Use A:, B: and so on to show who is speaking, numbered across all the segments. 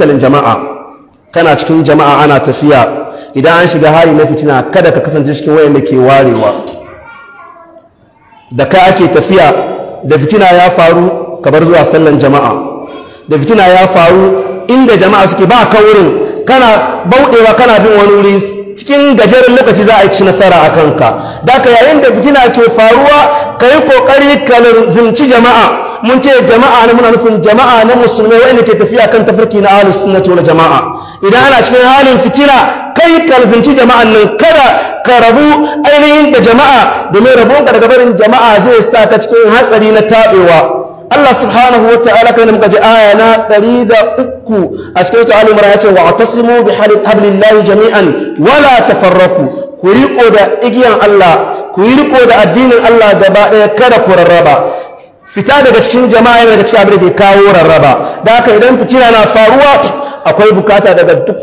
A: tattalin jama'a kana cikin jama'a ana tafiya idan an shiga hari na fitina kada ka kasance cikin wayan da ke warewa da ka ake tafiya da fitina ya faru ka bar zuwa sallan jama'a da fitina ya faru inda jama'a suke ba ka wurin, kana bauɗewa kana bin wani wuri cikin gajeren lokaci za a ci nasara a kanka da ka yayin da fitina ke faruwa ka yi ƙoƙari ka zinci jama'a mun ce jama'a ne muna nufin jama'a na musulmai wanda ke tafiya kan tafarki na ahlus sunnati wal jama'a idan ana cikin halin fitina kai kalfinci jama'an nan kada ka rabu ainihin da jama'a domin rabon ka daga barin jama'a zai sa ka cikin hatsari na tabewa Allah subhanahu wa ta'ala kai muka ji aya na 103 a cikin alumara ya yace wa atasimu bi hablillahi jami'an wala tafarraku ku riko da igiyan Allah ku yi riko da addinin Allah gaba ɗaya kada ku rarraba fita daga cikin jama'a yana daga cikin abin da ke kawo rarraba da haka idan fitina na faruwa akwai bukata daga duk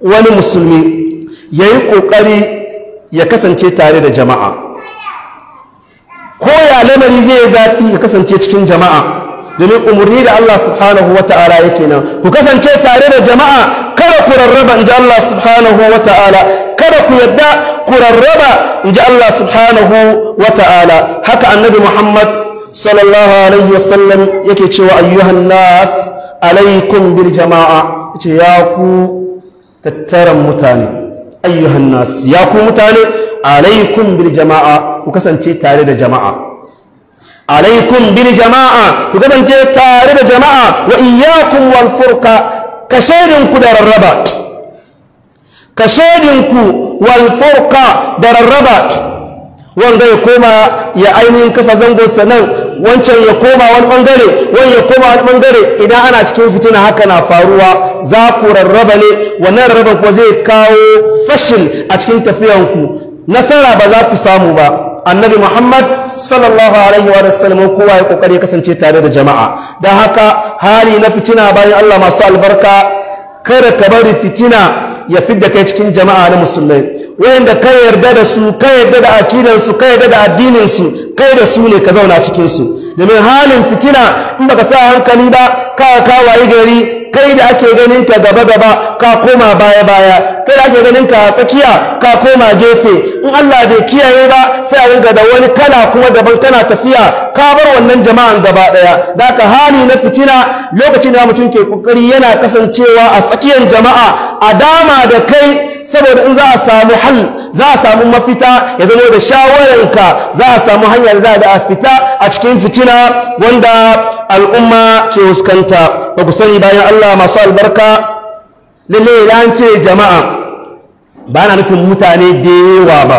A: wani musulmi ya yi ƙoƙari ya kasance tare da jama'a ko ya lamari zai yi zafi ya kasance cikin jama'a domin umarni da Allah subhanahu wa ta'ala yake nan ku kasance tare da jama'a kada ku rarraba inji Allah subhanahu wa ta'ala kada ku yadda ku rarraba inji Allah subhanahu wa ta'ala haka annabi Muhammad صلى الله عليه وسلم يكتشف أيها الناس عليكم بالجماعة ياكو تترم متاني أيها الناس ياكو متاني عليكم بالجماعة وكسن شيء تاريد الجماعة عليكم بالجماعة وكسن شيء تاريد الجماعة وإياكم والفرقة كشيرن كدر الربا كشيرن كو والفرقة در الربا wanda ya koma ya ainihin kafa zangonsa nan wancan ya koma wani bangare wani ya koma wani bangare idan ana cikin fitina haka na faruwa za ku rarraba ne wannan rarraba kuma zai kawo fashil a cikin tafiyanku nasara ba za ku samu ba annabi muhammad sallallahu alaihi wa sallam kowa ya kokari kasance tare da jama'a don haka hali na fitina bayan allah masu albarka kada ka bari fitina ya fidda kai cikin jama'a na musulmai wayanda ka yarda da su ka yarda da akidar su ka yarda da addinin su kai da su ne ka zauna cikin su domin halin fitina in baka sa hankali ba ka kawaye gari kai da ake ganin ta gaba gaba ka koma baya baya kai da ake ganin a tsakiya ka koma gefe in Allah bai kiyaye ba sai a ringa da wani kala kuma daban tana tafiya ka bar wannan jama'an gaba daya da ka hali na fitina lokacin da mutum ke kokari yana kasancewa a tsakiyar jama'a a dama da kai saboda in za a samu hal za a samu mafita ya zama da shawararka za a samu hanyar za da a fita a cikin fitina wanda al'umma ke huskanta ba ku sani bayan Allah masu albarka lalle ya ce jama'a ba na nufin mutane da yawa ba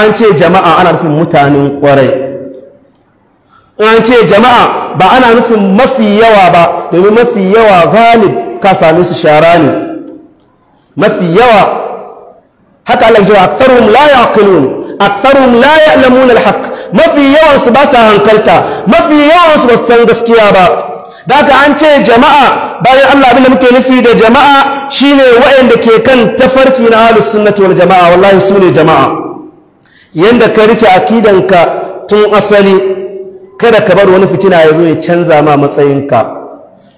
A: an ce jama'a ana nufin mutanen kwarai an ce jama'a ba ana nufin mafi yawa ba domin mafi yawa galib ka same su shara ne mafi yawa haka Allah cewa aktharuhum la yaqilun aktharuhum la ya'lamun alhaq mafi yawan su ba sa hankalta mafi yawan su ba san gaskiya ba daga an ce jama'a bayan Allah abinda muke nufi da jama'a shine waɗanda ke kan tafarki na ahlus sunnati wal jama'a wallahi su ne jama'a yanda ka rike akidanka tun asali kada ka bar wani fitina ya zo ya canza ma matsayinka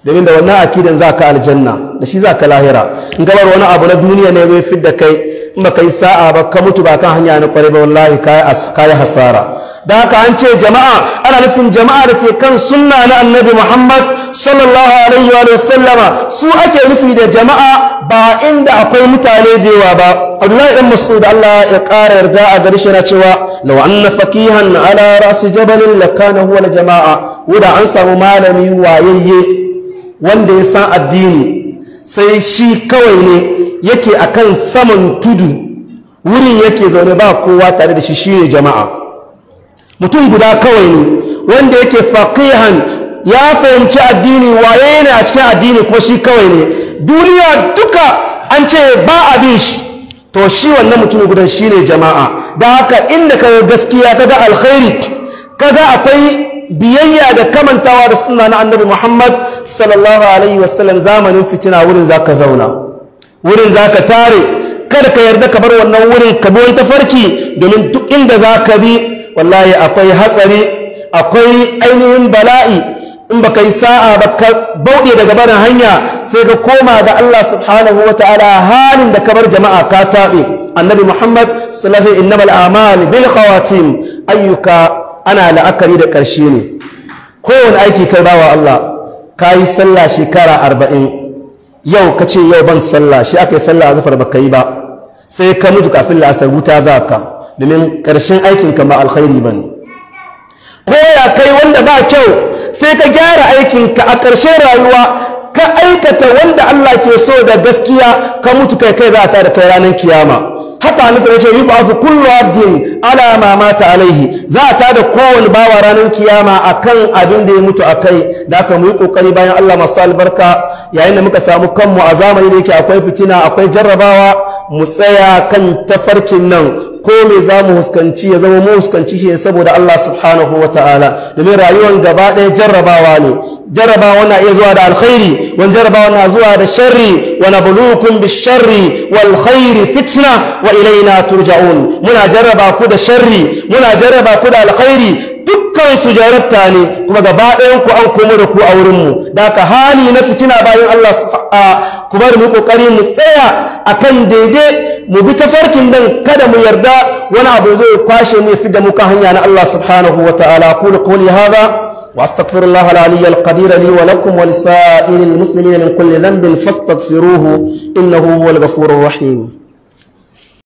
A: domin da wannan akidan za ka aljanna da shi za ka lahira in gabar wani abu na duniya ne zai da kai in ba yi sa'a ba ka mutu ba kan hanya na kwarai ba wallahi ka yi hasara da haka an ce jama'a ana nufin jama'a da ke kan sunna na annabi muhammad sallallahu alaihi wa sallama su ake nufi da jama'a ba inda akwai mutane da yawa ba abdullahi dan mas'ud Allah ya ƙara yarda a gari shi na cewa law anna faqihan ala ra'si jabalin lakana huwa jama'a wuda an samu malami wayayye wanda ya san addini sai shi kawai ne yake a kan saman tudu wurin yake zaune ba kowa tare da shi shine jama'a mutum guda kawai ne wanda yake faqihan ya fahimci addini waye ne a cikin addini ko shi kawai ne duniya duka an ce ba abin shi to shi wannan mutum gudan shine jama'a da haka inda ka gaskiya kaga alkhairi kaga akwai biyayya da kamantawa da suna na annabi muhammad sallallahu alaihi wasallam zamanin fitina wurin za ka zauna wurin za ka tare kada ka yarda ka bar wannan wurin ka bi ta farki domin duk inda za ka bi wallahi akwai hatsari akwai ainihin bala'i in baka yi sa'a ba ka bauɗe daga barin hanya sai ka koma ga Allah subhanahu wa ta'ala halin da bar jama'a ka taɓe annabi muhammad sallallahu alaihi wasallam innamal a'mal bil khawatim ayyuka ana la'akari da ƙarshe ne kowane aiki kai bawa Allah ka yi sallah shekara arba'in yau ka ce yau ban sallah shi aka yi sallah zafar ba ka yi ba sai ka mutu kafin la'asar wuta za ka domin ƙarshen aikin ka ba alkhairi ba ne ko ya kai wanda ba kyau sai ka gyara aikin ka a ƙarshen rayuwa ka aikata wanda Allah ke so da gaskiya ka mutu kai kai za ta da kai ranar kiyama haka annabi ya ce yub'athu kullu abdin ala ma mata alaihi za a da kowane bawa ranar kiyama akan abin da ya mutu akai da aka mu yi kokari bayan Allah masu albarka yayin da muka samu kanmu a zamani da yake akwai fitina akwai jarrabawa mu tsaya kan tafarkin nan ko me za mu huskanci ya zama mu huskanci shi saboda Allah subhanahu wa ta'ala domin rayuwar gaba ɗaya jarrabawa ne jarrabawa na iya zuwa da alkhairi wani jarrabawa na zuwa da sharri wa nabluukum bisharri wal khairi fitna wa ilaina turja'un muna jarraba ku da sharri muna jarraba ku da alkhairi kawai su jarabta ne kuma gaba ɗayan ku an komo da ku a wurinmu da aka hali na fitina bayan Allah ku bari mu kokari mu tsaya akan daidai mu bi tafarkin nan kada mu yarda wani abu zai kwashe mu fi da muka hanya na Allah subhanahu wa ta'ala qul qawli hadha wa astaghfirullah al-aliy al-qadir li wa lakum wa lisa'iril muslimin min kulli dhanbin fastaghfiruhu innahu huwal ghafurur rahim